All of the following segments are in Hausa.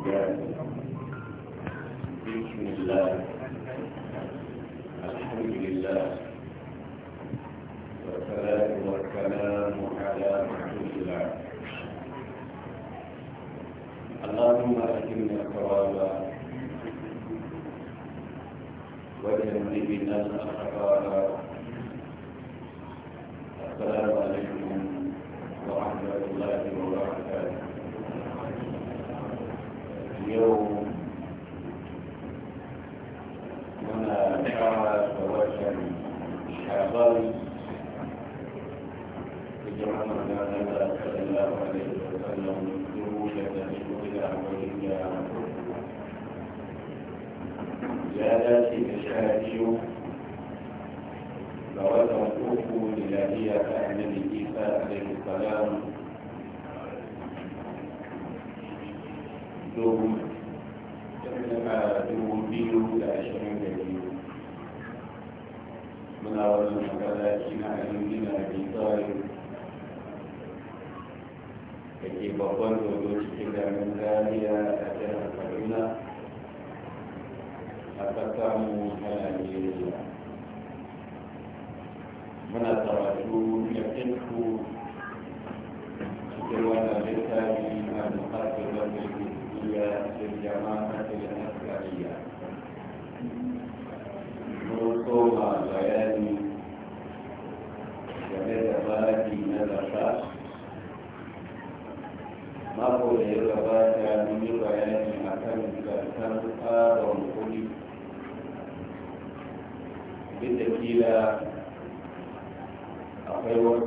بسم الله الحمد لله والصلاة والسلام على رسول الله اللهم أتمنا الثواب وجنبنا الأخطاء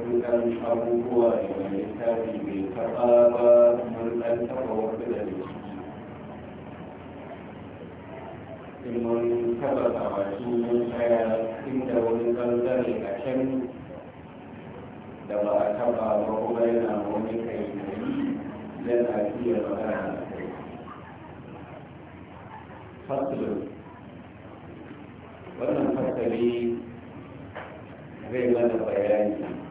matuƙar abubuwa da mai littafi mai karɓa ba mun ɗan taɓa wasu da ciki in mun taɓa kawaki mun tsaya inda wani ɓangare a can da ba a taɓa ba kuma yana wani kai yana iya magana da kai fasulun wannan fasali zai mana bayani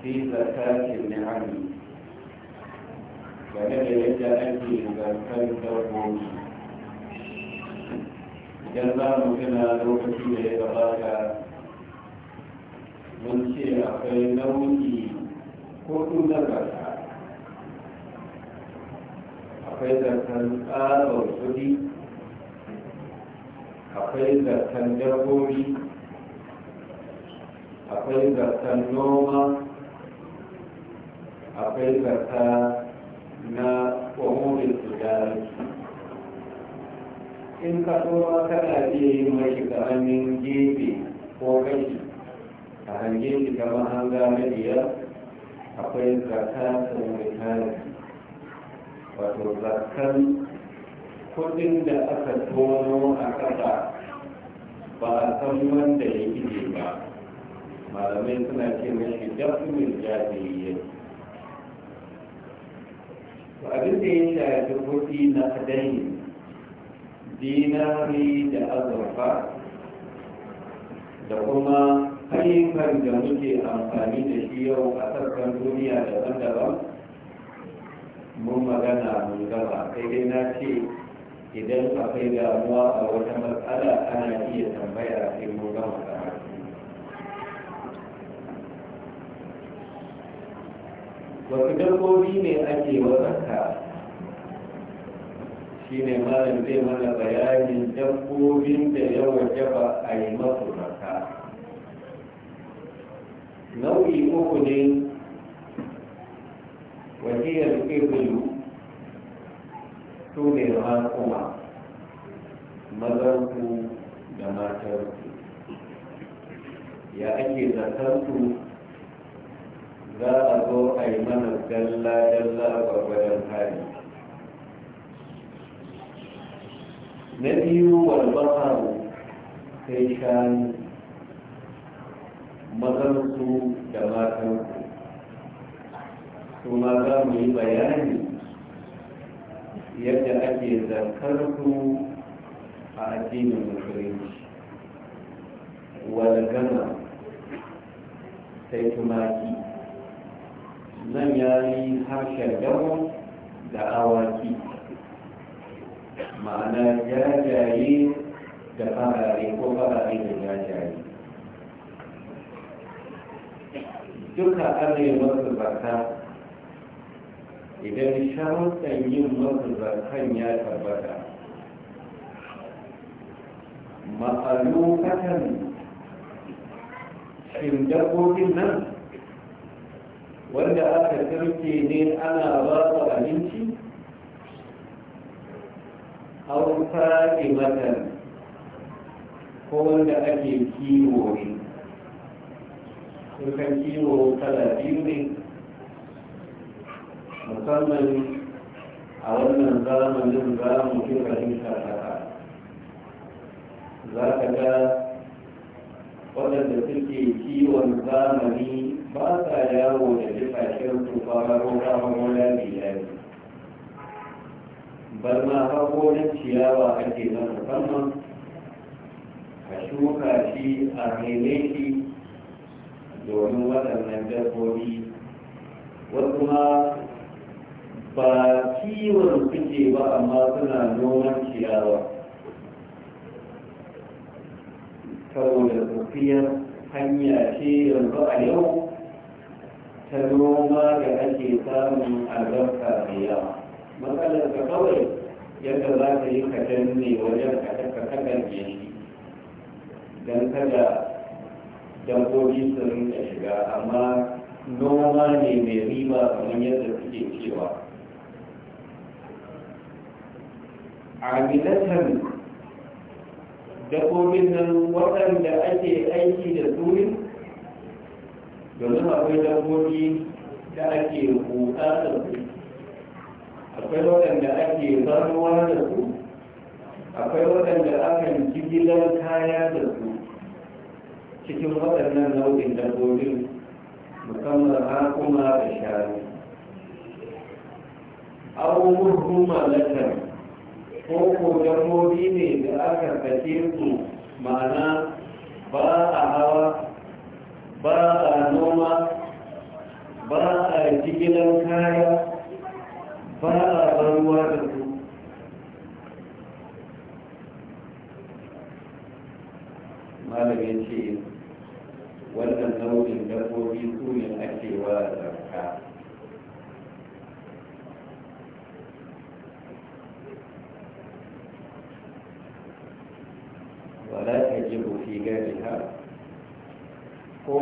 fi zakatin ni'ami game da yadda ake zartar dabbobi idan za mu gina lokaci da ya gabata mun ce akwai nau'i ko na zarta, akwai zartar tsarar kuɗi, akwai zartar dabbobi akwai zartar noma akwai zarta na ƙwamurin tujari in ka tsoro kana iya yi mai ƙaramin gefe ko kashi a hange shi ta mahanga na biyar akwai zarta ta mai tari wato zartan kudin da aka tono a ƙasa ba a san wanda ya ije ba malamai suna ce mashi dafi mai yi. abin da ya shafi kuɗi na kadai dinari da azurfa da kuma ayyukan da muke amfani da shi yau a sassan duniya daban-daban mun magana mun gaba kai dai na ce idan akwai damuwa a wata matsala ana iya tambaya sai mun gama karatu wasu dabbobi ne ake wasaka shi ne malam zai mana bayanin dabbobin da yawa jaba a yi masu zaka nau'i uku ne wajiyar ibilu su ne kuma mazarku da matarku ya ake zakansu za a zo a yi mana dalla-dalla a gwargwadon hali na biyu walbaharu sai shanu mazansu da matansu kuma za mu yi bayani yadda ake zarkarsu a addinin musulunci walgana sai tumaki nan ya yi harshen dawo da awaki ma'ana jajaye da farare ko farare da jajaye duka ana yi masu zaka idan sharuɗan yin masu zakan ya tabbata ma'alokatan shin dabbobin nan wanda aka karfe ne ana ba su abinci hauta imatan ko wanda ake kiwo ne sukan kiwo kala biyu ne musamman a wannan zamanin za mu fi fahimta za ka ga waɗanda suke kiwon zamani ba sa yawo da jifakin tufararo ramar wala bilani bar ma hakonin ciyawa ake na musamman a shuka shi a rene shi domin waɗannan dabbobi wasu ma ba kiwon suke ba amma suna noman ciyawa saboda tafiyar hanya ce yanzu a yau ta noma da ake samun a da yawa matsalar ka kawai yadda za ka yi ka danne wajen ka ka kakar shi don kada dabbobi su rinka shiga amma noma ne mai riba kamar yadda suke cewa amilatan dabbobin nan waɗanda ake aiki da su domin akwai dabbobi da ake huta da su akwai waɗanda ake zanuwa da su akwai waɗanda akan jigilar kaya da su cikin waɗannan nau'in dabbobin musamman hakuma da shari'a. abubuwan kuma latar ko ko dabbobi ne da aka kace su ma'ana ba a hawa ba a noma ba a jigilar kaya ba a baruwa da su malamin ce wannan nau'in dabbobi su ne ake wa zarka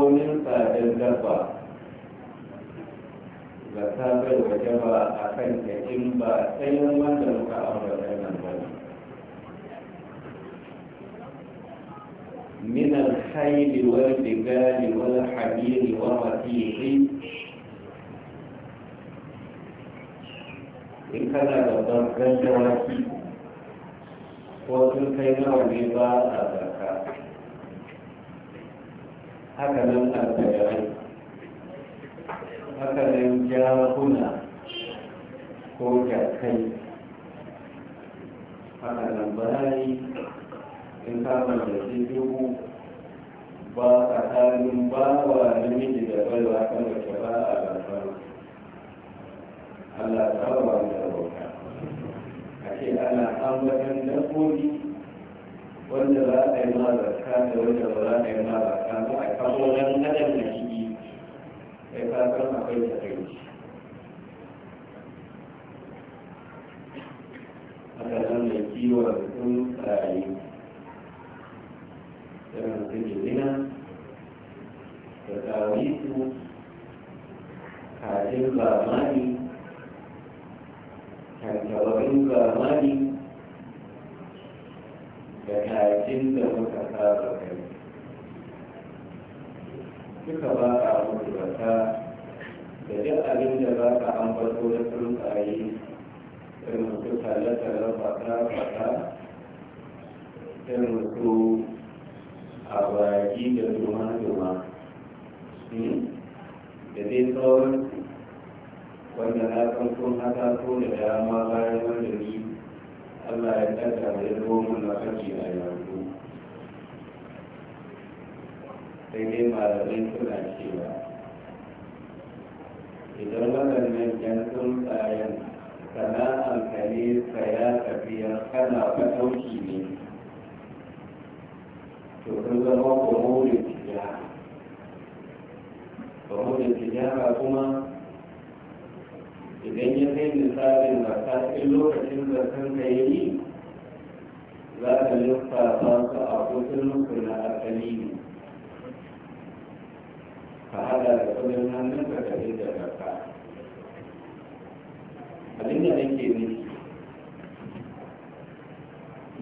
ma'aunin tsadar dabba da ta bai waje ba a kan da in ba tsayin wanda muka ambata nan ba ne من الخيل والبغال والحمير والرقيق إن كان قد ضرب جواكي وتلقينا وبيضاء haka nan alkayarai haka nan jakuna ko jakai haka nan bayi in kama da dubu ba tsakanin bawa namiji da baiwa kan wace ba a gasar Allah ta wa da roka a ce ana ambatan dabbobi wanda za a yi da wanda ba za a yi ma zarka a kafo nan adam na ta kai haka nan kiwon irin su da tsawisu kajin zamani zamani da kakin da muka saba kai duka ba ka mutu bata da duk abin da ba ka ambato na tsuntsaye irin su talle-tallen fata-fata irin su abaki da duma-duma hmm? da dai sauran wanda na kan sun haka ko da dama bayan wanda ni Allah ya ɗaga da yin romun na kashi a yanzu sai dai malamai suna cewa idan waɗannan yan tsuntsayen sana'ar ka ne saya tafiya kana ka ɗauki ne to sun zama kwamo da tijara kwamo da tijara kuma idan ya kai misalin ta cikin lokacin da kanka ya yi za ka lissafa su a kudin ku na asali ne ka hada da kudin hannun ka ka da zakka abin da nake ne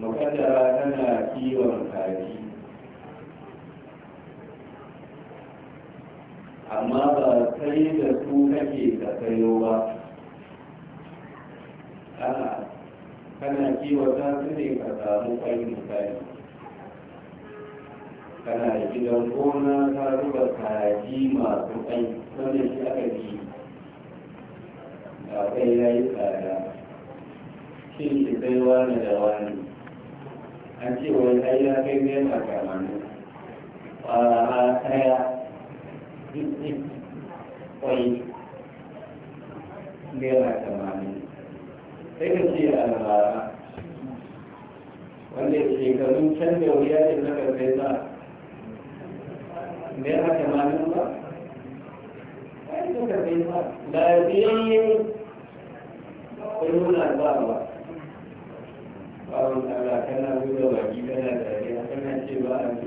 mukaddara tana kiwon kaji amma ba sai da su kake da sayo ba a'a kana kiwata su ne ka samu kwai misali kana gidan gona ta ruba kaji masu kwai wannan shi aka ji ba kai ya yi tsada shin ki kai wani da wani an ce wai kai ya kai ne ma kamanu ƙwara ɗaya kwai ne ma kamanu sai ka ce almara wanda shekarun can da wuya ce na karfe za me haka malin ba ai na karfe za lafiyayyen kullum na ba ba bawon Allah kana buɗe baki kana dariya kana ce ba a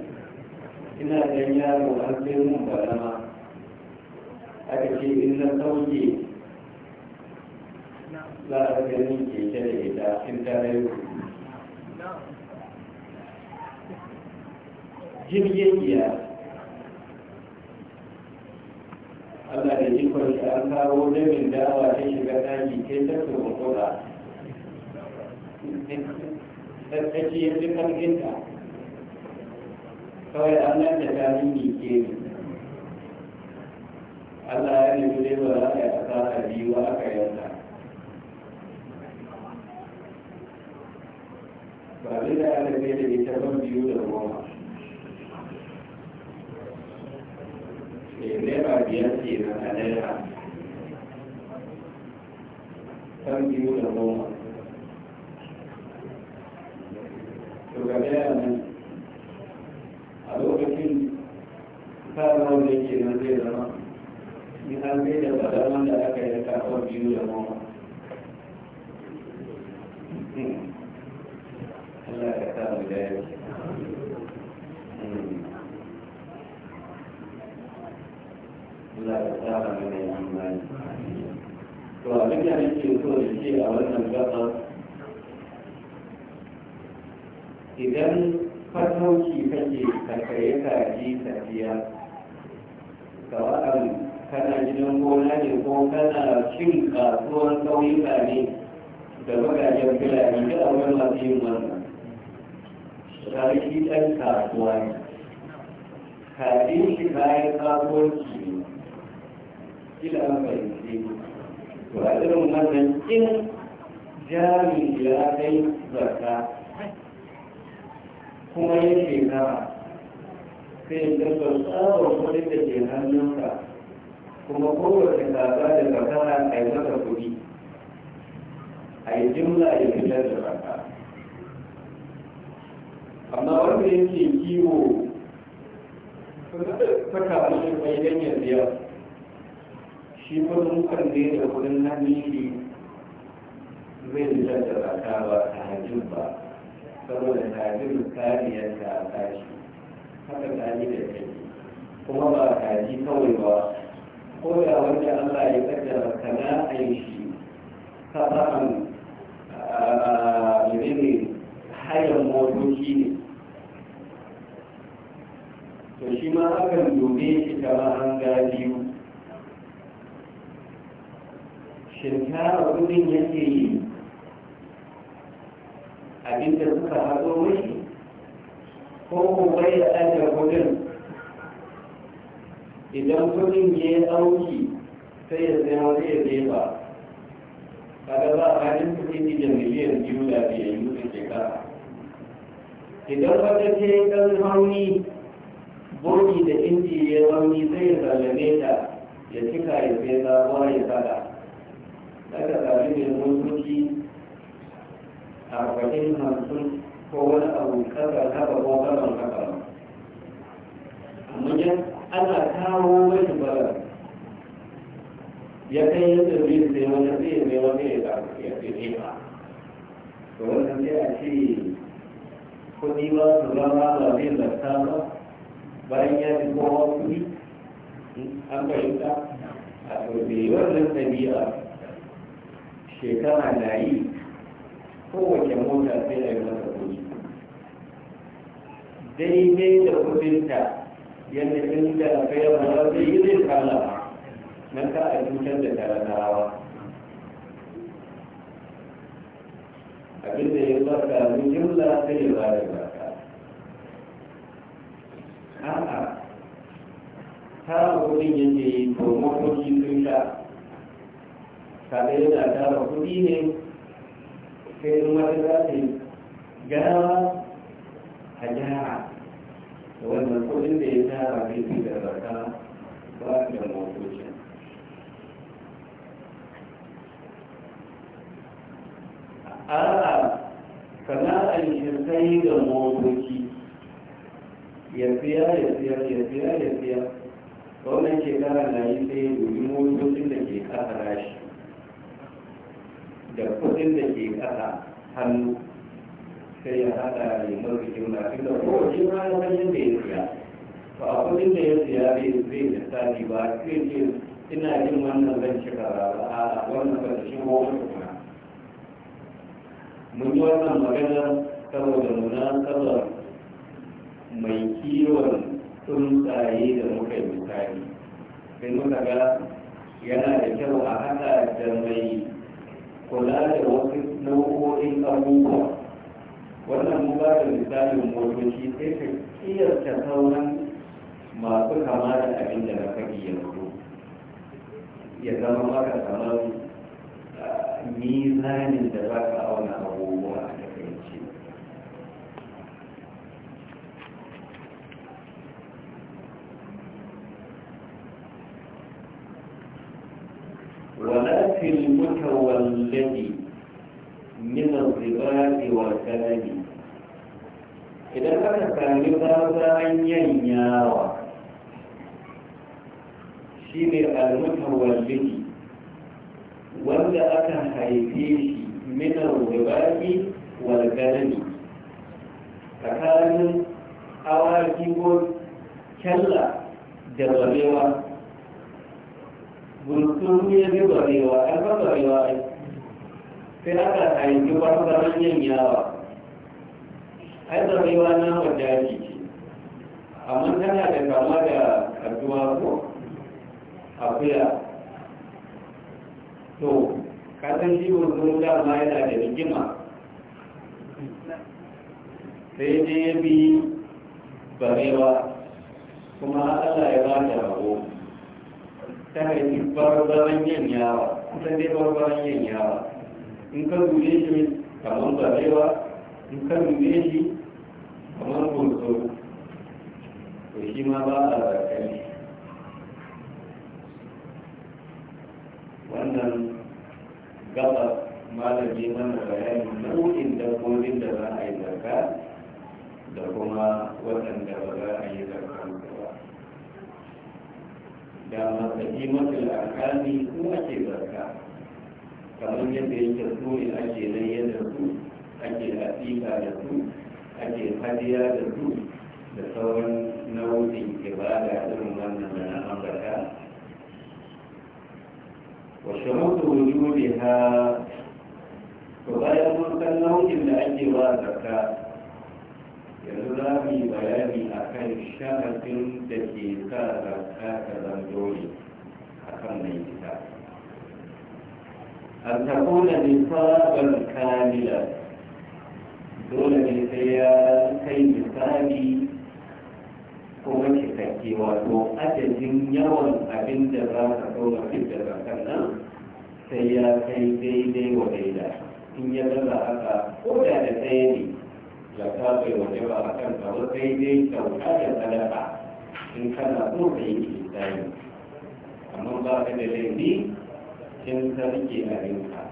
ina dan yaro har sai mun balama aka ce in na sauke za a ganin keke da ita in ta rayu Jin iya Allah da jikon shi an kawo damin dawa ta shiga ɗaki ke ta kuma kura tsarkaci ya fi ƙarfinta kawai an nan da ta nini ke ne Allah ya nufi dai ba za a yi asara biyu aka yanka ba zai da ana zai da ita ban biyu da goma eh, naira biyar ke na naira ban biyu da goma to ga naira nan a lokacin fara wanda ke nan zai zama in an zai da ba da wanda aka yi kafin biyu da goma gane Allah ya tsara mana imani so da ke a wannan gaba idan fatauci kake karkare kaji tafiya sawa'an kana gidan gona ne ko kana cin kasuwar ne da bagajen fulani da masu yin cewa ɗan kasuwa ne kafin shi kayan kasuwanci ne kila an fahimci to a irin wannan in jami ya kai zarka kuma ya ke kama. sai da tsawon kudin da ke hannunka kuma kowace kasa da kasara a yi masa kudi a yi jimla ya fitar da raka amma wanda yake kiwo saka mashi mai ganyen biyar shi kudin kwanne da kudin hannun zai jira da raka ba ta hajjin ba saboda hajjin kariyar ta tashi haka tani da kai kuma ba kaji kawai ba ko da wanda allah ya kaddara kana aishi sa'an menene hayan motoci ne ma hakan dome shi kama an ga biyu shirkara kudin yake yi abinda suka haɗo mai ko kuma ya ajiye kudin idan kudin ya yi auki, sai ya zai wani ya zai ba kada za a su kudi ji jamiliyar biyu da biyayyu da shekara idan wata ce ɗan hauni boki da inji ya rauni zai zalame ta ya cika ya sai sabuwa ya sada daga sami mai mutunci arba'in hamsin ko wani abu kasar haka ko kasan haka amma yan ana kawo mai bala ya kai yadda zai zai wani zai zai wani ya zafi ya fi nema to wannan sai a ce kudi ba su zama ba da zarta ba bayan ya fi kowa kuɗi an fahimta a turbe wannan ɗabi'a shekara na yi kowace mota sai a yi mata kuɗi daidai da kuɗinta yadda inda da kai mara zai yi zai kala nan ka a cutar da talakawa abinda ya ba ka jimla sai ya ba da ba a'a tara kudin yake yi taimakon shi sun sha da yana tara kudi ne sai in wata za ta a gyara da wannan kudin da ya tara zai fi da zarka ba da motoci a'a sana'ar shi sai da motoci ya siya ya siya ya siya ya siya shekara na yi sai domin motocin da ke kasa rashi da kudin da ke kasa hannu sai ya hada ne marukin da tun da kowace rana wajen da ya siya to a kudin da ya siya zai da sati ba sai ce ina yin wannan zan cika rara a wannan ba da shigo mun yi wannan magana saboda nuna saboda mai kiwon tsuntsaye da muka yi misali sai muka ga yana da kyau a haɗa da mai kula da wasu nau'o'in abubuwa wannan mu ba da misalin motoci sai ka kiyarta sauran masu kama da abin da na faɗi yanzu ya zama maka kamar nizanin ah, da za ka في المتولد من الرباط والكلب idan aka sami bayan yanyawa shi ne almutawallidi wanda aka haife shi minar rubaki wal ganani tsakanin awaki ko kyalla da barewa buntun ya bi barewa an ba barewa ai sai aka haifi wasu zaman yin yawa ai barewa na wajaji ce amma tana da kama da kaduwa ko a akuya to kasan shi buntun dama yana da rigima sai dai ya bi barewa kuma Allah ya ba da rago tana yi barbaran yan yawa kusan dai barbaran yan yawa in ka dube shi kamar barewa in ka dube shi kamar gurzo to shi ma ba a zarkali wannan gaba malami mana bayanin nau'in dabbobin da za a yi zarka da kuma waɗanda ba za a yi zarka da mataki mafi alkali su ake zarka kamar yadda yake su ne ake layya da su ake aƙiƙa da su ake hadiya da su da sauran nau'in ibada irin wannan da na ambata wa sharuɗu wujudiha to bayan mun san nau'in da ake wa zakka yanzu za mu yi bayani a kan sharaɗin da ke sa zakka ta zanto ne a kan mai ita an takuna nisaban kamila dole ne sai ya kai misali kuma cikakke wato adadin yawan abin da za ka koma fit da zakan nan sai ya kai daidai wa daida in ya gaza haka ko da da ɗaya ne zaka bai waje ba a kan kamar kai dai kyauta da sadaka in kana so ka yi kisani amma ba ka da laifi in ka rike a rinka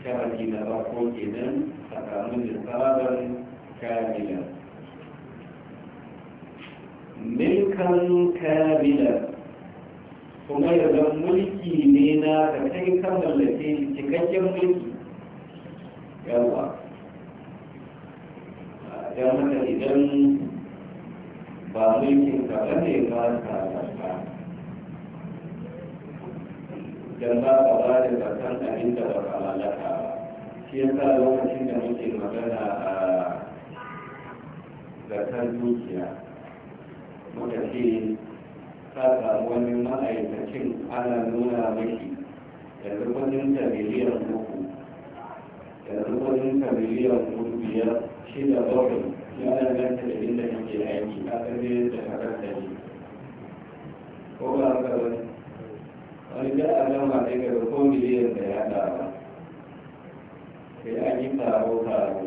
sharadi na farko kenan a kamun lissabin kamilan milkan kamilan kuma yanzu mulki ne na ka kai kan mallake cikakken mulki yawa don haka idan ba mulkin ka ba ne ba ta zarta don ba ka ba da zartan abin da ba ka mallaka ba shi ya sa lokacin da muke magana a zartan dukiya muka ce ka samu wani ma'aikacin ana nuna maki yanzu wani ta miliyan uku yanzu wani ta miliyan uku biyar shi da zaɓin ya danganta da inda kake aiki a ƙarfi da haɗar da ne ko ba haka ba wani da a gama ne ga ko miliyan da ya haɗa ba sai an yi taro taro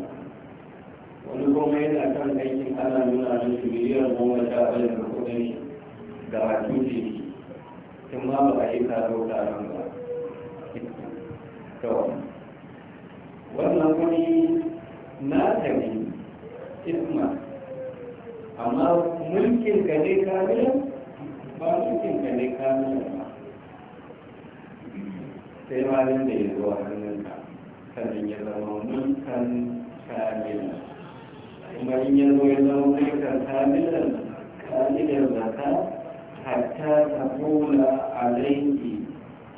wani goma yana kan aikin ana nuna mishi miliyan goma sha ɗaya da kuɗin shi da wakilci tun ma ba a yi taro taron ba wannan wani amma mulkin ka ne kamilan ba mulkin ka ne kamilan ba sai malin da ya zo a hannunka sannan ya zama mulkan kamilan kuma in ya zo ya zama mulkan kamilan kamilan zaka hatta ta kula alaiki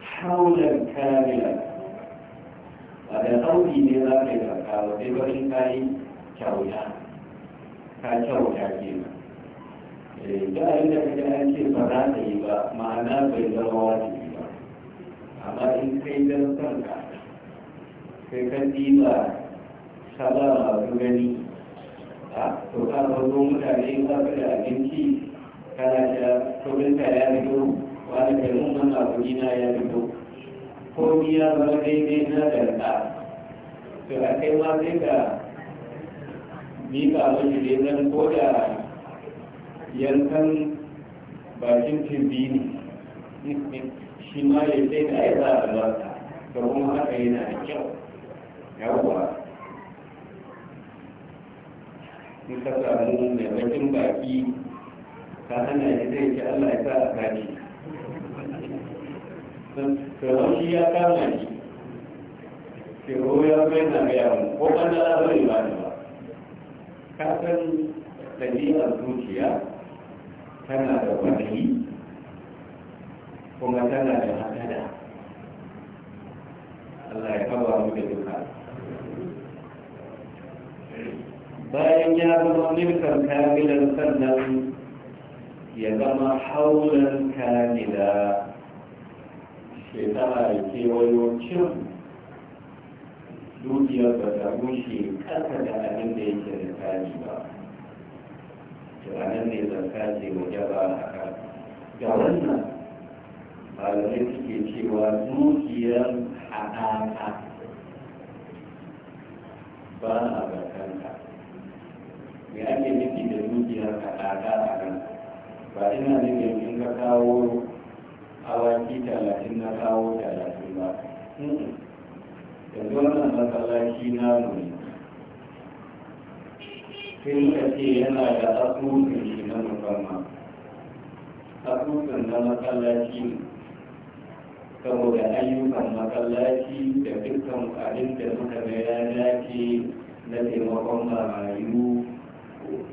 haular kamilan ba da tsauri ne za ka yi zaka ba sai barin kayi kyauta ka kyauta kenan. da eh, a yi da kaga an ce ba za ka yi ba ma'ana bai zama wajibi ba amma in kai don kanka kai ka ɗiba saba masu gani a to ka zo mutane ba ka da abinci kana da kudinka ya fito wani kai mun manna kudina ya fito ko ni ya zama daidai na danka to a kai ma sai ka mika mashi dai zan ko da yankan bakin tirbi ne shi ma ya sai da ya za a baka da kuma haka yana da kyau yawwa in ka samu mai bakin baki ka hana shi zai ce allah ya sa a kaji sauran shi ya kama shi ke ya bai na gaya mu ko ɓangaren bai ba ne ba ka san ɗabi'ar zuciya tana da kwanayi kuma tana da hatada Allah ya kawo mu da duka bayan ya zama milkan kamilan sannan ya zama haulan kamila shekara da kewayo cin dukiyar da ta rushe kasa da abin da yake da kami ba tunanin ne zarka ce ba a haka. ga wannan malamai suke cewa dukiyar haɗaka ba a zarkanka me ake nufi da dukiyar haɗaka a nan ba ina nufin in ka kawo awaki talatin na kawo talatin ba yanzu wannan masallaci na nuna sai ka ce yana da asusun shi na musamman asusun na masallaci ne saboda ayyukan masallaci da dukkan abin da suka ga ya dace na taimakon marayu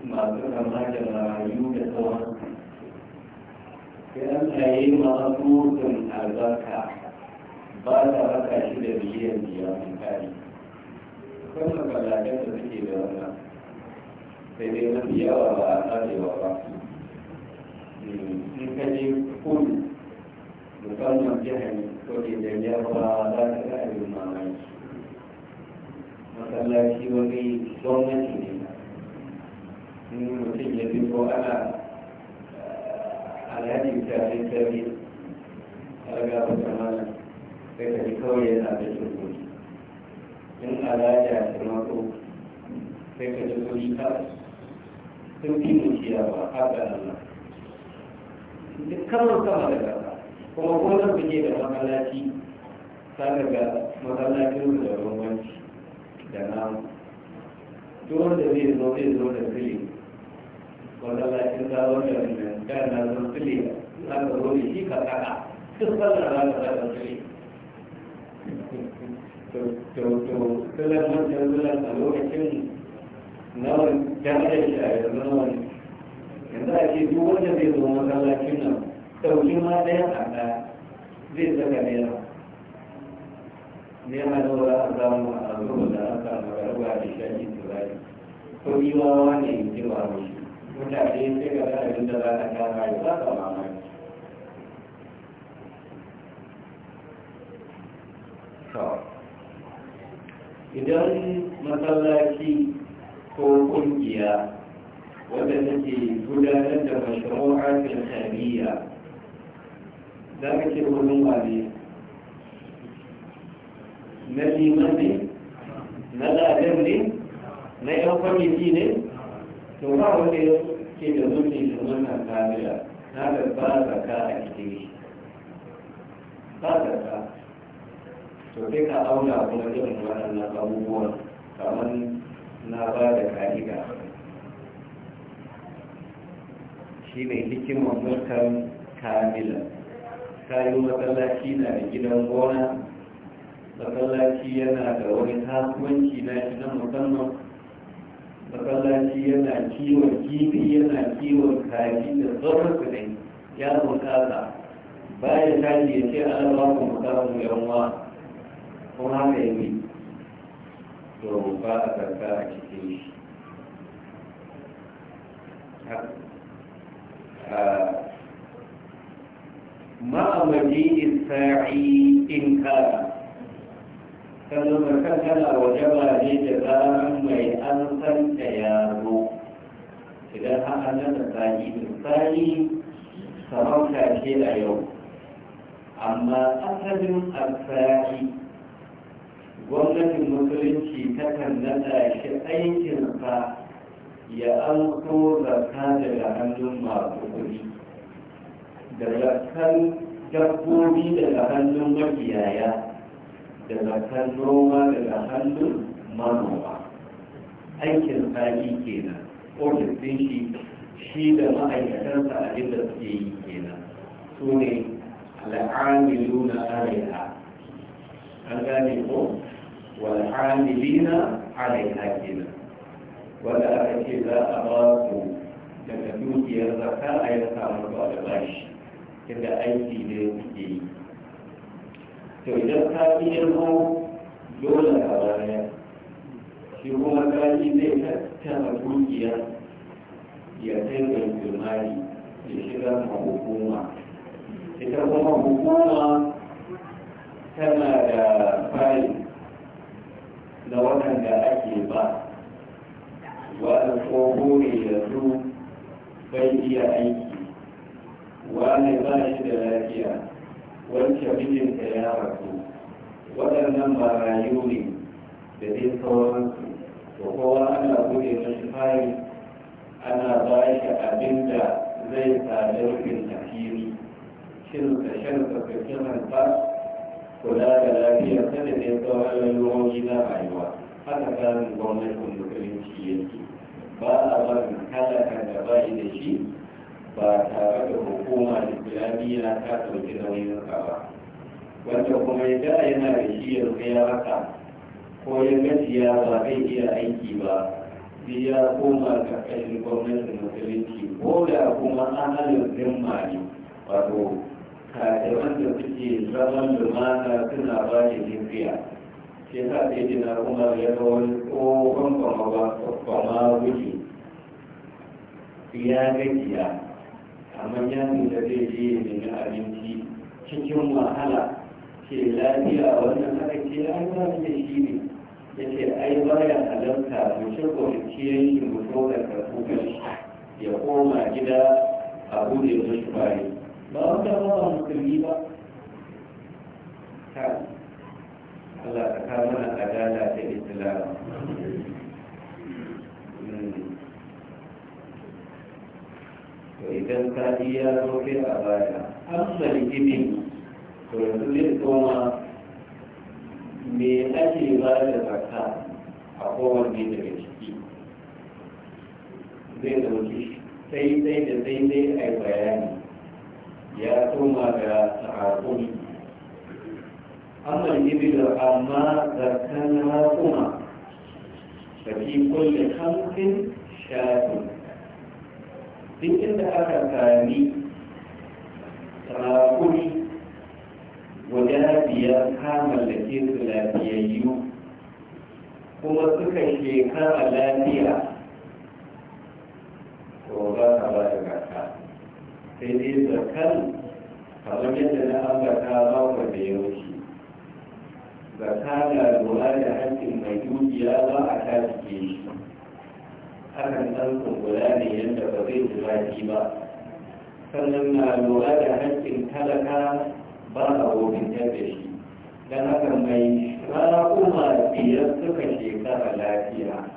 masu kama da marayu da sauran sai an tsaye masu sun albarka ba ta raka shi da biyan biya mun kari akwai masallatai da suke da wannan sai dai mafi yawa ba a tsarewa ba hmm, in ka je kudu musamman jihar kudi da ba za ka ga abin mamaki masallaci wani gwamnati ne in mutum ya fi ko ana eh, alhaji mutane sarki alaga ba ta mana sai ka ji kawai yana da cin in alaja ta sai ka ji kudi kawai sun fi dukiya ba haka Allah duk kamar sama da gaba kuma gonar da ke da masallaci ta daga masallacin da bambanci da namu duk wanda zai zo zai zo da fili masallacin sabon da nan kan na zo fili za ka zo shi ka kaka duk sallar za ka sa fili to to to sallar da sallar a lokacin nawa dan da shi a yanzu nawa ne yanzu a ce duk wanda zai zo masallacin nan ɗauki ma ɗaya a ɗaya zai saka nera. nema da wura a zamu a zuwa da aka magaruwa da shaƙi turari ko iwawa ne in ji ba mu mutane sai ga abin da za ka kama ya za ka mamaki idan masallaci ko kungiya wadda take gudanar da mashru'a filhariya za ka ce wani wane na liman ne na tsadar ne na yan kwamiti ne to ba wanda ya ke da zuci da wannan kamila na da ba zaka a cikin shi ba zaka to sai ka auna kuma irin waɗannan abubuwan kamar na ba da ka'ida shi ne hikimar mulkan kamila kayan matsalaki na da gidan gona matsalaki yana da wani kasuwanci na shi na musamman matsalaki yana kiwon kifi yana kiwon kaji da tsohon kudin ya ya bunƙasa baya tashi ya ce an ba ku musamman yawan wa kuma haka yi to ba a zarga a cikin shi ma a ah, maji isa'i in kara kalmar kan tana wajaba ne da zaran mai an san da yaro idan haka na da tsari misali sarauta ce a yau amma asalin asali gwamnatin musulunci takan naɗa shi aikinsa ya an so zarka daga hannun masu kuɗi da zarkan dabbobi daga hannun makiyaya da zarkan noma daga hannun manoma aikin tsari kenan ofis ɗin shi shi da ma'aikatansa abin da suke yi kenan su ne al'amilu na arewa an gane ko walhamilina alaiha kenan wanda aka ce za a ba daga dukiyar zakka a yi samun ba da bashi inda aiki ne suke to idan ta yi yanzu dole ka baya shi kuma kaji zai tattara ya ya shiga ma hukuma ita kuma hukuma tana da fari wannan waɗanda ake ba wani kogo ne su bai iya aiki wani ba shi da lafiya wancan mijinta ya rasu waɗannan ba rayu ne da dai sauransu to kowa ana gode mashi fari ana ba shi abin da zai sami rufin tafiri da shirinsa ka kiranta kula da lafiya kada da ya kawo lalurori na rayuwa haka tsarin gwamnatin musulunci yake ba a barin talaka da yi da shi ba tare da hukuma da islamiyya ta ɗauki nauyinsa ba wanda kuma ya ga yana da shi yanzu ya raka ko ya gajiya ba zai iya aiki ba sai ya koma ƙarƙashin gwamnatin musulunci ko da kuma an halin zimma ne wato kada wanda suke zaman lumana suna ba da jifiya ke sa sai jina kuma ya ga wani tsohon kwama wuce ya gajiya amma ya nuna zai je ya nemi abinci cikin wahala ke lafiya wannan haka ke an ba da shi ne ya ce ai baya halarta mu ce kwanakiyar shi mu so da karfukan ya koma gida a buɗe mashi bayan ba wata ba musulmi ba ta Allah ka kawo mana adala ta islam hmm. to idan ka ji ya zo kai a baya an sarki ne to yanzu zai koma me ake ba da zakka a kowanne daga ciki zai zauki sai dai da sai dai a yi bayani ya koma da ta'akun amma ibilu amma zartan kuma da fi kulle hamsin shafin duk inda aka sami ta'akuni guda biyar kamar da ke su lafiyayyu kuma suka shekara lafiya sai dai zakan kamar yadda na ambata mako da ya wuce zaka na lura da hankin mai dukiya ba a tashi ke shi hakan ɗan kumbura ne yadda ba zai ji zafi ba sannan na lura da hakkin talaka ba a wofintar da shi don haka mai ra'uma biyar suka shekara lafiya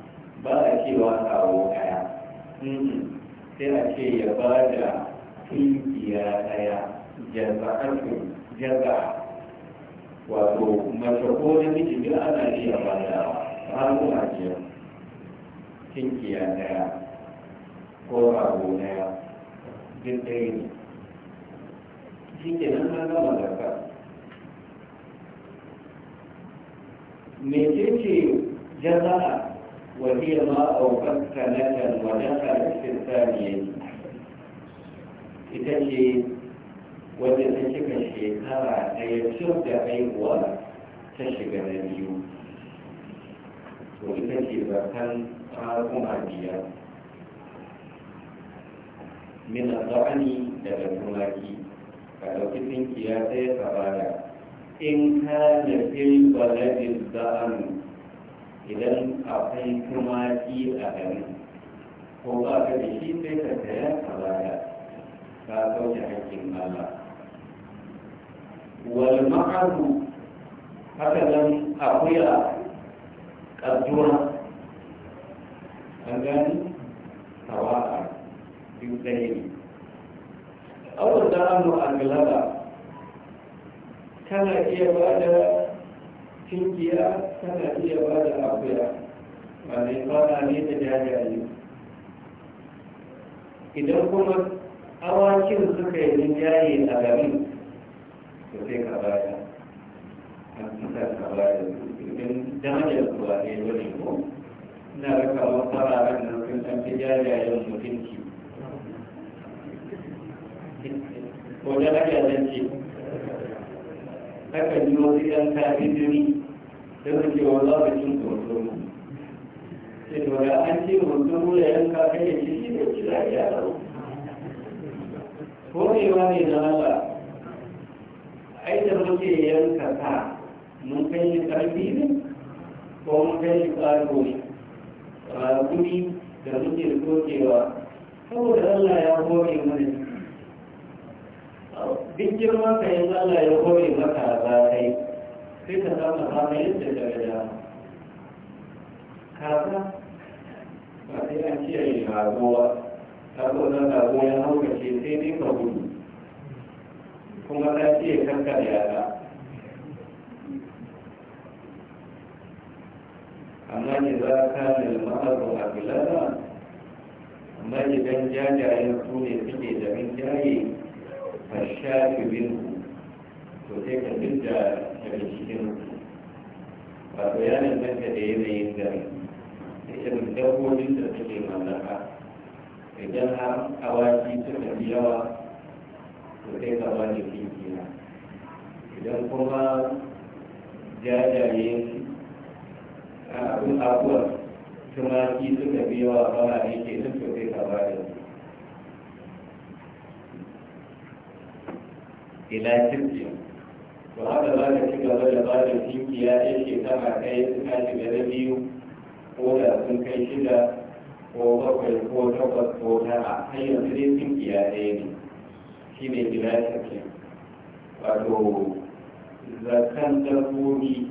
ba a cewa kawo kaya sai a ce ya ba da tinkiya daya jaza'atun jaza wato mace ko namiji duk ana iya bada har kuma ce tinkiya daya ko rago daya duk ɗaya ne shi ke nan na gama zarka mecece jaza'a وهي ما أوقفت لك ودخلت في الثانية ita ce wadda ta cika shekara ɗaya cin da haihuwa ta shiga na biyu to ita ce zakan kuma biyar min azani daga tumaki ka ɗauki tinkiya sai ka bada in ka da fil baladin za'anu idan akwai tumaki a garin ko ba ka da shi sai ka saya bada ka sauke hakkin Allah wal ma'aru haka nan akuya kaddura an gani tawa'a biyu ɗaya ne awar da an anglaba kana iya ba da kinkiya kana iya ba da akuya ba ne fara ne da jajaye idan kuma awakin suka yi rinjaye a garin da sai ka baya an kisa ka baya domin damajar kuwa ne wani ko ina raka wa fararen nan sun san ta jajayen mutunci ko da zan ce. haka ji wasu yan kafin jini da su ke wani lokacin tsoro sai to da an ce mutum ya yanka kai ya ci shi da ci lafiya lau korewa ne na Allah ai da muke yanka ka mun kai shi karfi ne ko mun kai shi ƙaro ne kuɗi da muke korewa saboda Allah ya kore mana duk girman ka yanzu Allah ya kore maka za sai ka samu kama yadda ka ga kaza ba sai an ce ya yi ta zo nan ya hau da haukace sai dai ka gudu kuma ta ce kanka da yada amma ne za ka ne ma'azu a filada amma idan jajayen su ne suke da min jaye a shafi bin to sai ka duk da daga cikin wato yanin nan da yanayin da irin dabbobin da suke mallaka idan har awaki suka fi yawa to sai ka ba da kinkina idan kuma jajaye abin abuwar tumaki suka fi yawa ba a yake duk to sai ka ba da su ila kirki to haka za ka ci gaba da ba da kinkiya ya shekara kai suka shiga da biyu ko da sun kai shida ko bakwai ko takwas ko a har yanzu dai sun iya ne shi ne bilasa wato zakan dabbobi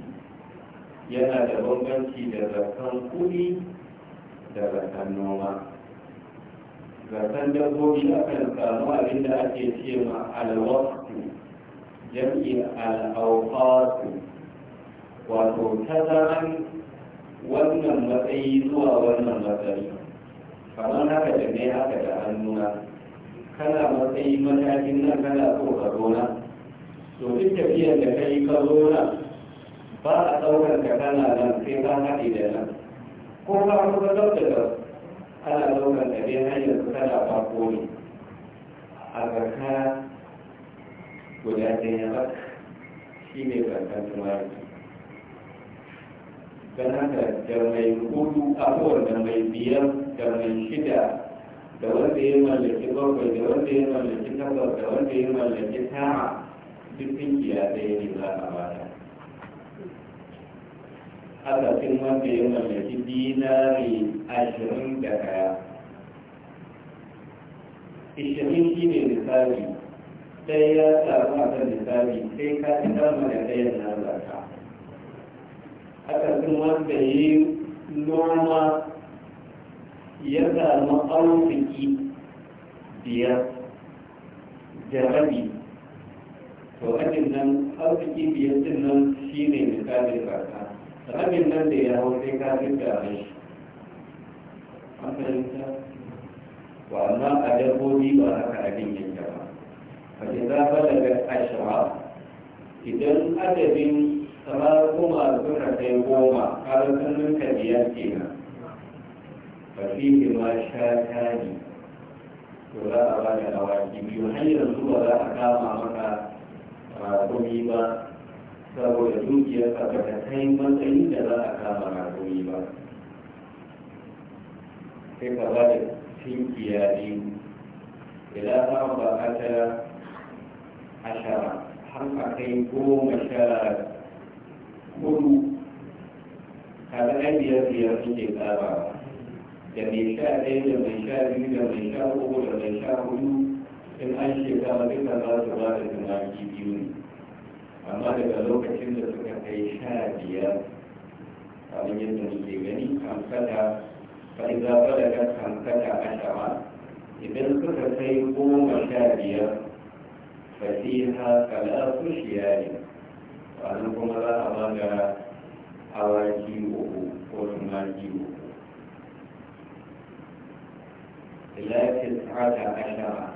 yana da bambanci da zakan kuɗi da zakan noma zakan dabbobi akan samu abin da ce ma wato tazaran wannan matsayi zuwa wannan matsayi kamar haka da ne haka da hannuna kana matsayi matakin nan kana so ka zona to duk tafiyar da ka yi ka zona ba a ɗaukar ka kana nan sai ka haɗe da nan ko ka kuma ɗaukar ana ɗaukar ka dai hanyar su kana ba ne a zarka guda ɗaya ba shi ne zarkan tumari don haka da mai hudu abubuwan da mai biyar da mai shida da wanda ya mallaki bakwai da wanda ya mallaki takwas da wanda ya mallaki tama, duk dukiya ɗaya ne za a bada akasin wanda ya mallaki dinari ashirin da ɗaya ishirin shi ne misali sai ya samu a kan misali sai ka ci kama da ɗayan na zaka akasin wanda ya yi noma yadda samu arziki biyar jarabi to rabin nan arziki biyar din nan shi ne misalin kaka rabin nan da ya hau sai kafin da shi makarinta wa amma a dabbobi ba haka abin yake ba a idza balaga ashra idan adadin kuma suka kai goma karantar ninka biyar kenan فيه وفيه واشهادان ولا اراد الواجب يحيي الرسول لا اقام معك طبيبا فهو يجوز يقبلتين مرتين لا اقام مع طبيبا كيف ذلك في انقياده إلى أربعة عشر حرفتين قوم الشارع قلوا هذا أي يأتي يأتي الأربعة da mai sha ɗaya da mai sha biyu da mai sha uku da mai sha hudu in an shekara duka za su ba da tumaki biyu ne amma daga lokacin da suka kai sha biyar kamar yadda muke gani kankata fa'iza idan suka kai goma sha biyar fasiha talatu shiyari wannan kuma za a ba da ko tumaki uku إلى تسعة عشر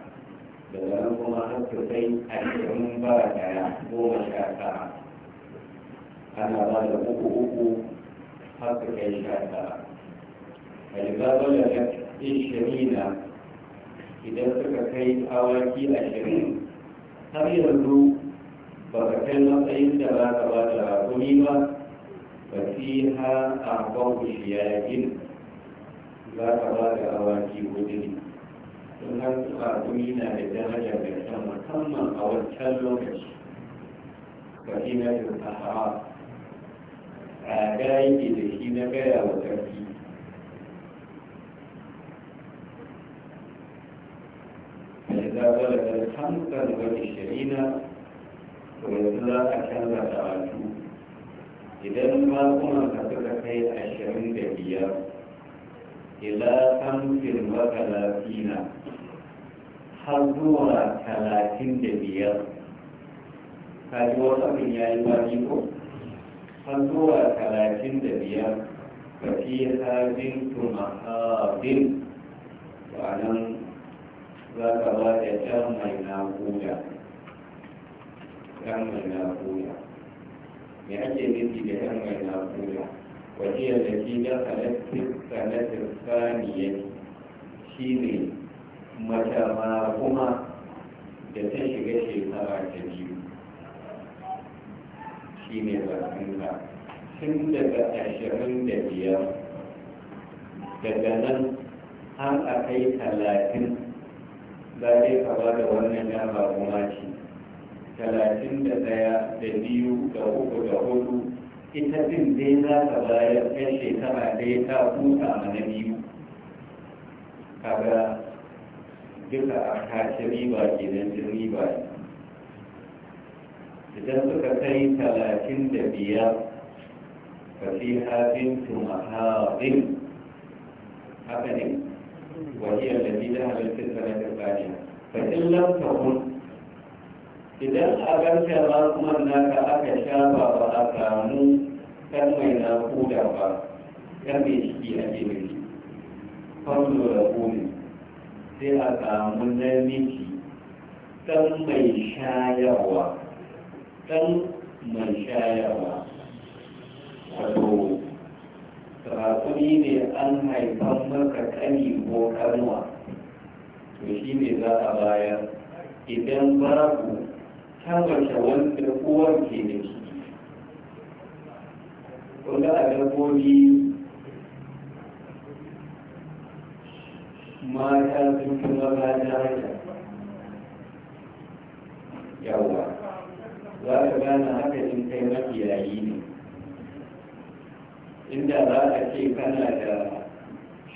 بلغكم حتى أشعر بعد يحبوم شاكا أنا بعد أكو أكو حتى شاكا فلباب لك الشرين إذا تكفيت أواكي أشعر har yanzu ba ka kai matsayin da za ka ba da rakumi ba ba fi ha a bauchi yayin za ka ba da awaki hudu ne don har tsakumi na da daraja da ta musamman a wancan lokaci kabila da sahara tsada yake da shi na gaya wa ƙarfi. sarki da balagar hankar wani shirina to yanzu za a canza da wasu idan ba kuma ka suka kai ashirin da biyar ila kamfin wa talatina har zuwa talatin da biyar kaji wasu abin ya yi wani ko har zuwa talatin da biyar ka fi hajjin tumahabin ba nan za ka ba da yan mai nakuda yan mai nakuda me ake nufi da yan mai nakuda wajiyar da shi ga sanatar saniye shi ne matama kuma da ta shiga shekara ta biyu shi ne ba. tun daga ashirin da biyar daga nan an a kai talatin za a yi kaba da wannan dama kuma talatin da daya da biyu da uku da hudu ita din dai za ta bayar ɗan shekara ɗaya ta kusa mana biyu kaga duka a kashe riba kenan din riba idan suka kai talatin da biyar fasiha bintu maharin haka ne wahiyar da bi da halittar sanadar kariya fa in lam kun. idan a kuma rasuwan ka aka shafa ba a samu kan mai nakuda ba kan mai ciki a jini fasu da kome sai a samu namiji kan mai shayarwa kan mai shayarwa wato rakuni ne an haifan maka kani ko kanuwa to shi ne za a bayar idan babu kamata wanda uwar ke da shi wanda a dabbobi mata sun fi maza ta haka yawa za ka gane haka in kai makiyayi ne inda za a ce kana da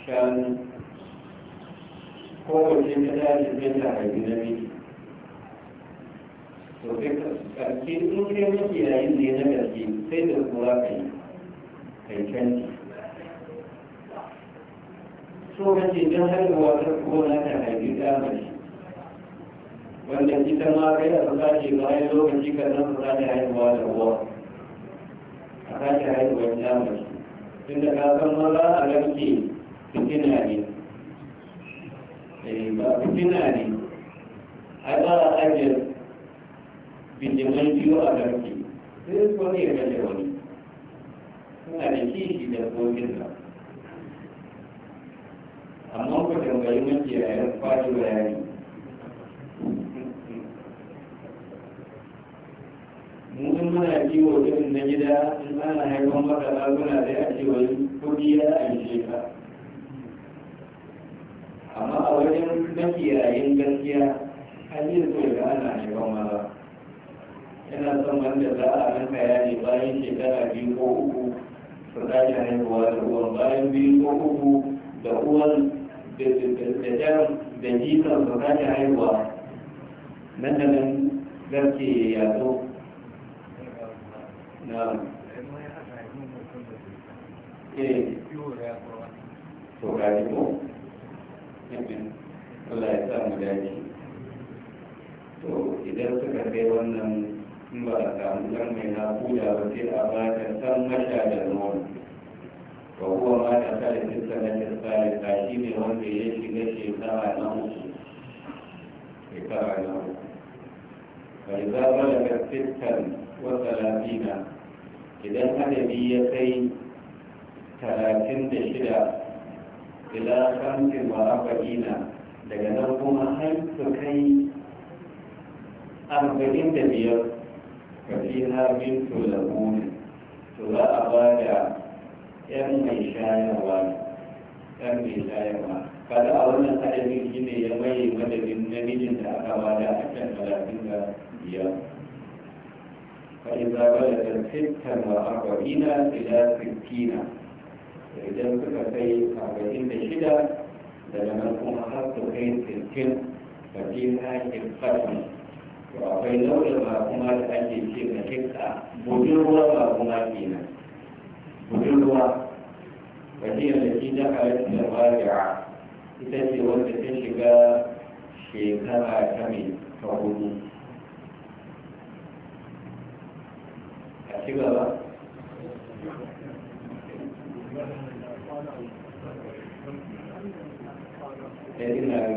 shanu kowace ta dace ta haifi namiji to duk karke in kai miki yayin ya na karke sai da kura ka yi kai canji so kace don haihuwa ta kona ta haifi ɗamari wanda ita ma kai da fuka ce bayan lokaci ka zan fuka ta haihuwa da ruwa a kashi haihuwar ɗamari tun da kasan maza a garke fitina ne eh, ba fitina ne a ba a ajiyar bidiman biyu a garki sai su wani ya kashe wani suna da kishi da tsokin da amma ku tambayi mace a yan kwashi bayani mun muna kiwo irin na gida in ana haifan maka raguna da ya ce wani kudi ya a yi ka amma a wajen makiyayin gaskiya an yi so da ana haifan maza yana son wanda za a ranka yaji bayan shekara biyu ko uku su tashi haihuwa da uwan bayan biyu ko uku da uwan da jan da jisan su tashi haihuwa nan da nan garke ya zo na eh. to gari ko Allah ya sa mu dace to idan suka kai wannan in ba a samu dan na nakuda ba sai a ba ta san masha da nono ba kuwa ma ta kare sista na tisari ta shi ne wanda ya shi shiga shekara na uku shekara na uku bai za ba daga sistan wata lafiya idan adadi ya kai talatin da shida ila kamfin wa arba'ina daga nan kuma har su kai arba'in da biyar فكنا بنت لبون تلا أبادا كم من شايرة كم من شايرة قد أردنا سعيد الجنة يومي مدد النبي جنة أبادا أكثر ثلاثين يوم فإذا بلد ستا وأربعين إلى ستين فإذا كنت في أربعين بشدة لما نكون أخذت في ستين فجيبها إلى قسمه akwai lauya ba kuma da ake ce na hikka budurwa ba kuma kenan budurwa wajiyar da shi da halittar bari'a ita ce wanda ta shiga shekara ta mai ta hudu a ci gaba da ina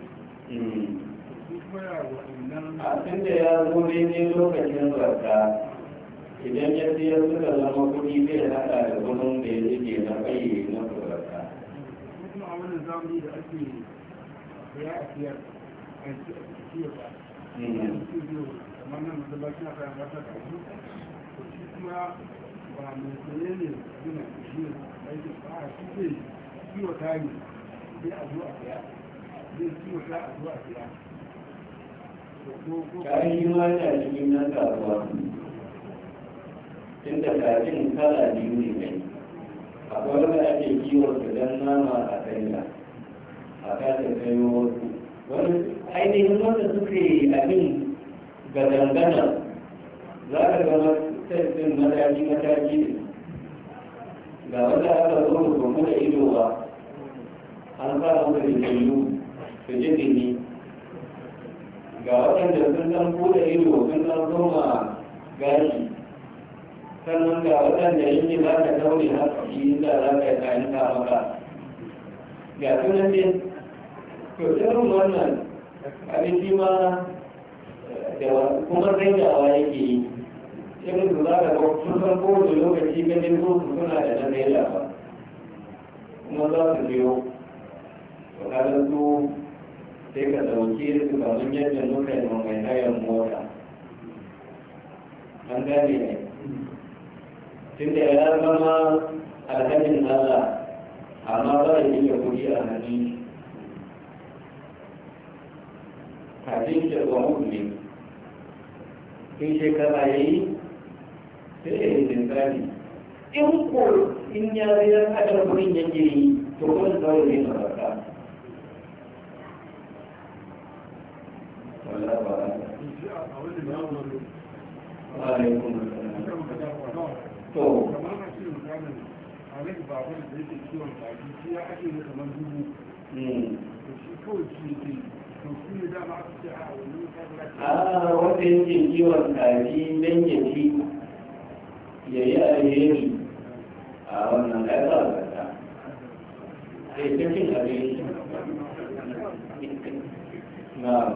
abin da ya zo daidai lokacin zarka idan ya siyar suka zama kuɗi zai da gudun da ya na kai na ba mai tsaye ne ba a zai kiwata yi sai a zo a kayan mata cikin na kasuwa tun da kajin kala biyu ne mai akwai wanda ake kiwon su don nama a kanya a kasa kayo wasu wani ainihin wanda suke abin ga dangana za ka gama sassin mataki-mataki ne ga wanda aka zo da ido ba an fara wani da yiwu su ji dini ga waɗanda sun san buɗe ido sun san zoma gashi sannan ga waɗanda yake za ka daure haka inda za ka yi kayan maka ga sunan ne to irin wannan abin shi ma kuma zangawa yake yi irin su za ka kusan kowane lokaci ganin su suna da na naira ba kuma za su biyo to kaga su sai ka dauke su kamar yadda muka yi mai hayar mota an gane ne tun da ya zama alhajin Allah amma ba da iya kuɗi a hannun kafin shi wa mutum in shekara ya yi sai ya yi zinkari in ko in ya zai yan adar kuɗin yake yi to kuma da tsawon ne ba a wata kiwon kaji don ya ci ya yi alheri a wannan ƙasa ƙasa sai yi cin abinci na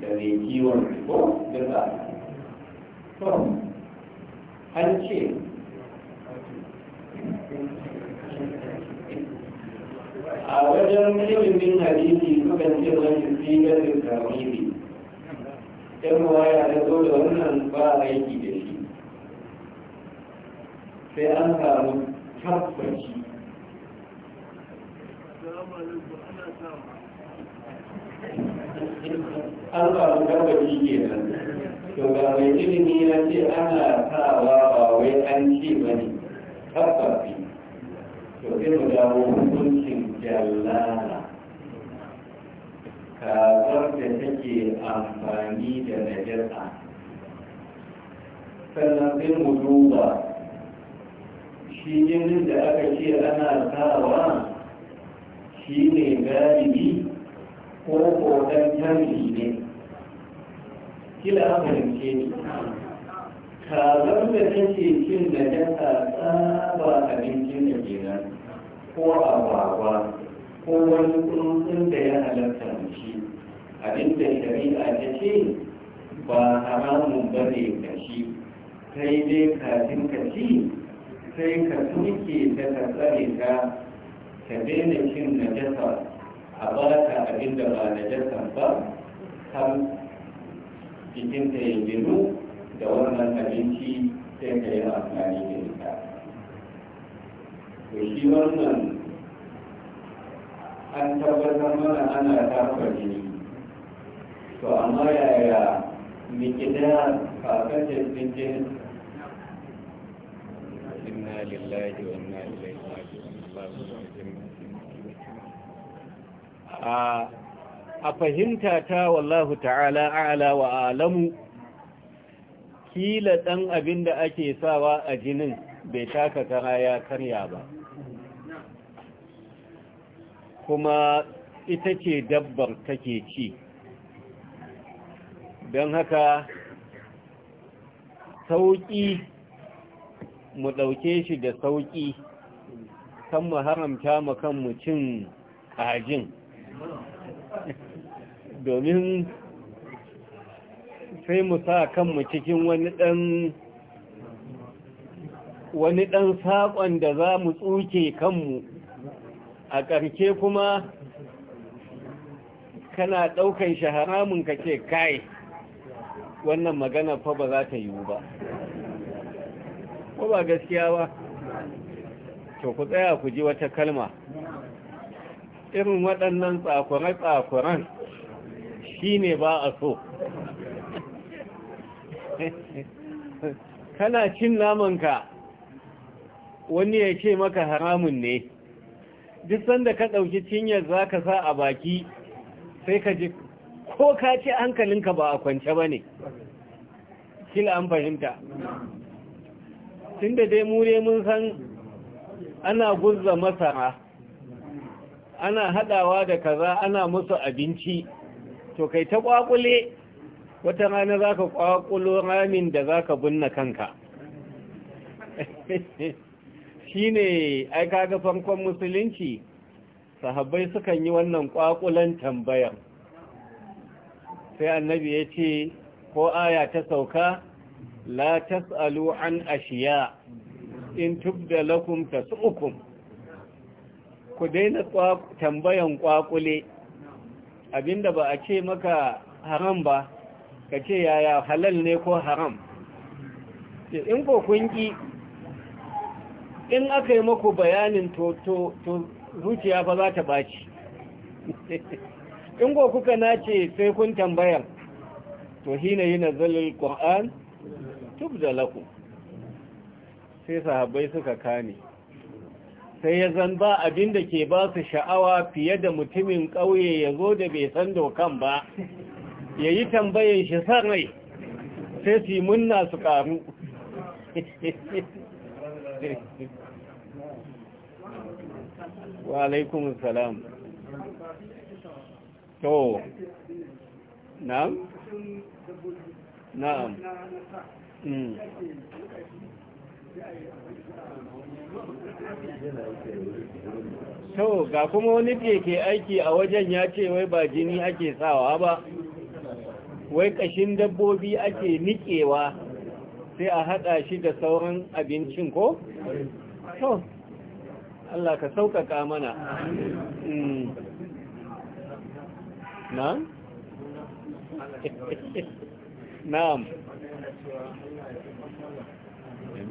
da mai kiwon ko gaza za to a wajen ilimin hadisi sukan ce wani sigar da tawili yan waya da zo da wannan ba aiki da shi sai an samu tabbaci Assalamu alaikum an samu tabbaci kenan to ga mai ilimi ya ce ana sawa ba wai an ce ba ne tabbaci to sai mu dawo hukuncin jallala kazar da take amfani da najasa sannan sai mu duba shi jinin da aka ce ana sawa shi ne galibi ko kodan jami'i ne kila an fahimce kazar da kake cin da jasa tsaba abincin da ke nan ko agwagwa ko wani tsuntsun da ya halatta shi abinda shari'a ta ce ba haramun ba ne ka shi sai dai kafin ka ci sai ka tuke da ka tsare ka ka daina cin najasa a baka abin da ba na ba har jikinka ya da wannan abinci sai ka yi amfani da ita to shi wannan an tabbatar mana ana tafa jini to amma yaya mikidar kakashin cikin inna lillahi wa inna ilaihi raji'un a fahimta ta wallahu ta'ala ala, wa alamu kila ɗan abin da ake sawa a jinin bai taka kara ya karya ba kuma ita ce dabbar take ci don haka sauƙi mu ɗauke shi da sauƙi kan mu haramta mu kan mu cin ajin domin sai mu sa kanmu cikin wani ɗan wani ɗan saƙon da za mu tsuke kanmu a ƙarshe kuma kana ɗaukan shi haramun ka ce kai wannan magana fa ba za ta yiwu ba ko ba gaskiya ba to ku tsaya ku ji wata kalma irin waɗannan tsakurai tsakuren shi ne ba a so kana cin namanka wani ya ce maka haramun ne duk sanda ka ɗauki cinyar za ka sa a baki sai ka ji ko ka ce hankalinka ba a kwance ba ne kila an fahimta tun da dai mure mun san ana guzza masara ana hadawa da kaza ana musu abinci to kai ta kwakule wata rana za ka kwakulo ramin da za ka binna kanka shi ne ai kaga farkon musulunci sahabbai sukan yi wannan kwakulan tambayar sai annabi ya ce ko aya ta sauka la tas'alu an ashiya in tubda lakum tasu'ukum ku daina tambayan kwakule abinda ba a ce maka haram ba ka ce yaya halal ne ko haram in ko kunki in aka yi maku bayanin to zuciya fa za ta baci in ko kuka nace sai kun tambayar to hina yi nazalin ƙwa'an da sai sahabbai suka kane sai ya zan ba abin da ke ba su sha'awa fiye da mutumin ƙauye ya zo da bai san dokan ba ya yi tambayin shi san rai sai su yi munna su ƙaru wa salam to na'am na'am hmm. to ga kuma wani ke ke aiki a wajen ya ce wai ba jini ake sawa ba wai kashin dabbobi ake nikewa sai a hada shi da sauran abincin ko? to Allah ka sauƙaƙa mana na? Mm. na'am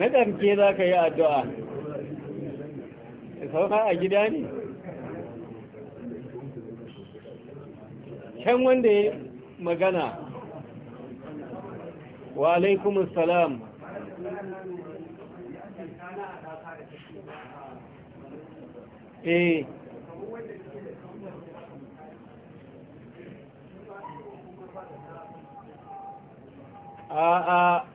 na ƙarke za ka yi addu'a sauka a gida ne can wanda ya magana wa alaikumus salam E. Eh. a a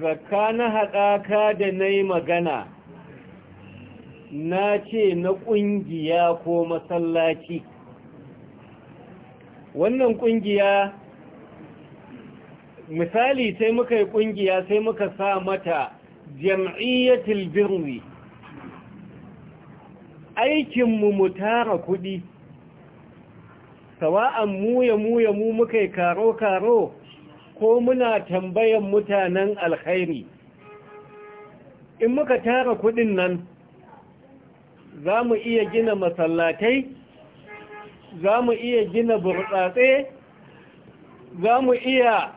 Zaka na haɗaka da na magana na ce na ƙungiya ko masallaci wannan ƙungiya misali sai muka yi ƙungiya sai muka sa mata jam'iyyatul birri aikinmu mu tara kuɗi sawa'an mu ya mu mu muka yi karo-karo ko muna tambayan mutanen alkhairi in muka tara kudin nan za mu iya gina masallatai za mu iya gina burtsatse za mu iya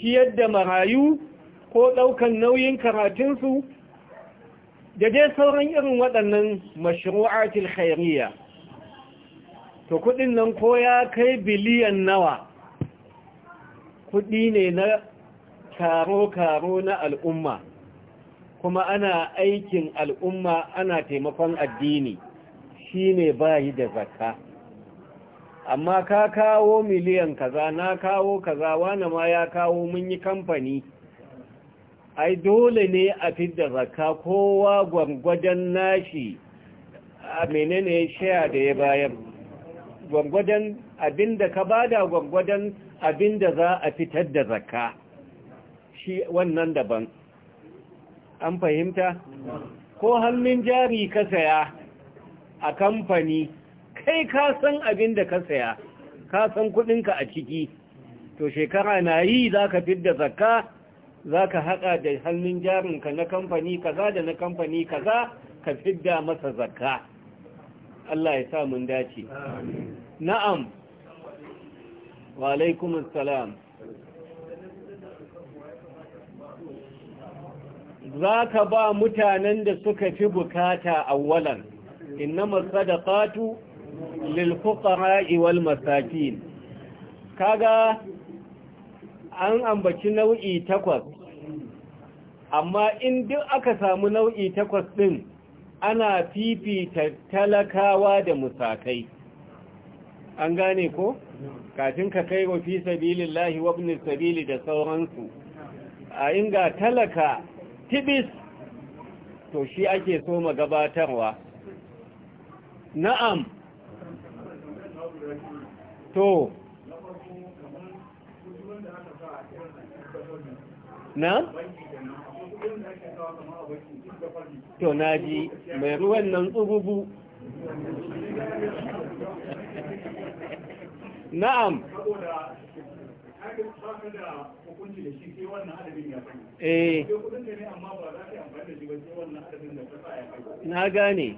ciyar da marayu ko ɗaukan nauyin karatunsu da dai sauran irin waɗannan mashiru'atul khairiyya to kudin nan ko ya kai biliyan nawa kuɗi ne na karo-karo na al'umma kuma ana aikin al'umma ana taimakon addini shi shine bayi da zakka amma ka kawo miliyan kaza na kawo kaza wane ma ya kawo mun yi kamfani ai dole ne a da zakka kowa gwangwajen nashi a menene shaya da ya bayar gwangwajen abinda ka bada gwangwajen abin da za a fitar da zakka shi wannan daban an fahimta ko hannun jari ka saya a kamfani kai ka san abin da ka saya ka san kudinka a ciki to shekara na yi za ka da zakka za ka haɗa da hannun ka na kamfani kaza da na kamfani kaza ka fidda masa zakka Allah ya sa mun dace na'am wa alaikum za ka ba mutanen da suka fi bukata awwalan innama sadaqatu lil fuqara'i wal masakin kaga an ambaci nau'i takwas amma in duk aka samu nau'i takwas din ana fifita talakawa da musakai an gane ko kafin ka kai wa fi sabilillahi wa ibn sabili da sauransu a inga talaka tibis to shi ake so magabatarwa na'am to na? to naji mai ruwan nan tsububu na'am eh na gane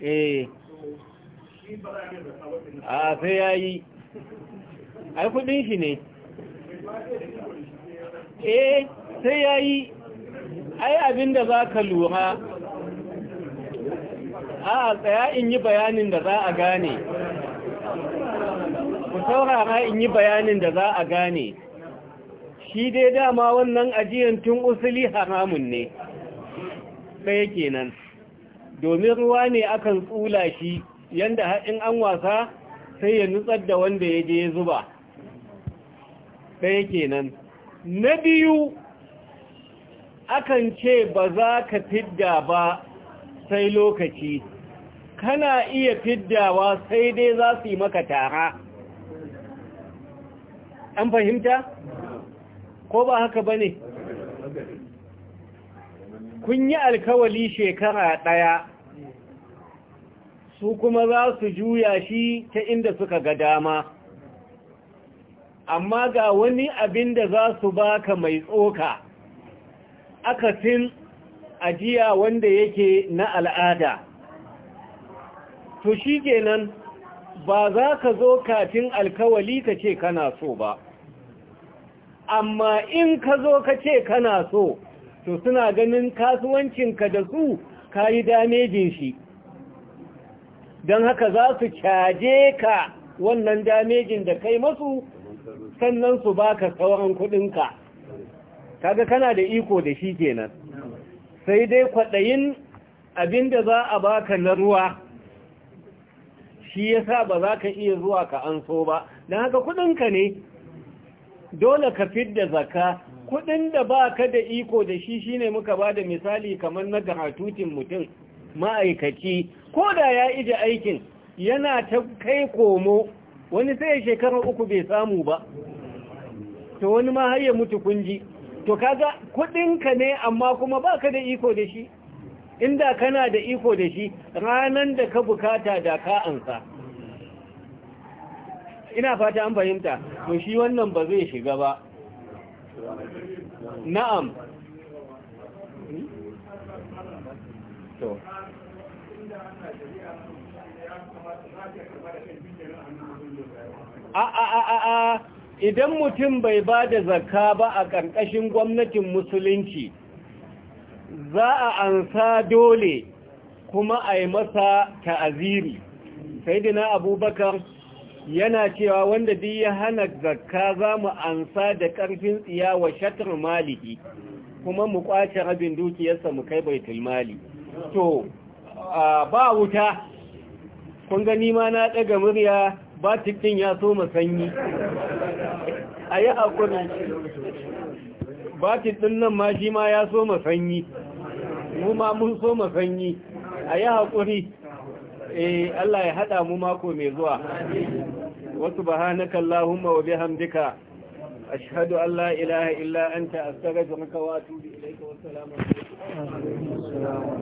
eh a sai ya yi ai kudin shi ne eh sai ya yi ai abinda za ka lura a tsaya in yi bayanin da za a gane ku saurara in yi bayanin da za a gane shi dai dama wannan ajiyan tun usuli haramun ne ɗaya kenan domin ruwa ne akan tsula shi yadda haɗin an wasa sai ya nutsar da wanda ya je zuba ɗaya kenan na biyu akan ce ba za ka fidda ba sai lokaci kana iya fiddawa sai dai za su yi maka tara an fahimta? ko ba haka ba ne? kun yi alkawali shekara ɗaya su kuma za su juya shi ta inda suka ga dama amma ga wani abin da za su baka mai tsoka akasin ajiya wanda yake na al'ada to shi kenan ba za ka zo kafin alkawali ka ce kana so ba amma in ka zo ka ce kana so to suna ganin kasuwancinka da su ka yi damejin shi don haka za su caje ka wannan damejin da kai masu sannan su baka sauran kudinka kaga kana da iko da shi kenan sai dai kwaɗayin abin da za a baka na ruwa shi yasa ba za ka iya zuwa ka an so ba don haka kudinka ne dole ka fidda zaka Kuɗin da ba ka da iko da shi shine muka ba da misali kamar na garatutin mutum ma'aikaci ko da ya ije aikin yana ta kai komo wani sai shekaru uku bai samu ba Ta wani ma har mutu kunji to kaga kudinka ne amma kuma baka da iko da shi inda kana da iko da shi ranan da ka bukata da ka ansa ina fata an fahimta to shi wannan ba zai shiga ba na'am to a a a a idan mutum bai ba da zakka ba a ƙarƙashin gwamnatin musulunci za a ansa dole kuma a yi masa ta'aziri sai na abubakar yana cewa wanda duk ya hana zakka za mu ansa da ƙarfin tsiya wa shatar maliki kuma mu kwace rabin dukiyarsa mu kai baitul mali to ba wuta kun gani ma na ɗaga murya batik ɗin ya so sanyi a yi haƙuri batik ɗin nan ma shi ma ya so sanyi mu ma mun so sanyi a yi haƙuri eh Allah ya haɗa mu mako mai zuwa wasu bahanaka Allahumma wa bihamdika ashhadu an la ilaha illa anta astaghfiruka wa atubu ilayka wassalamu alaikum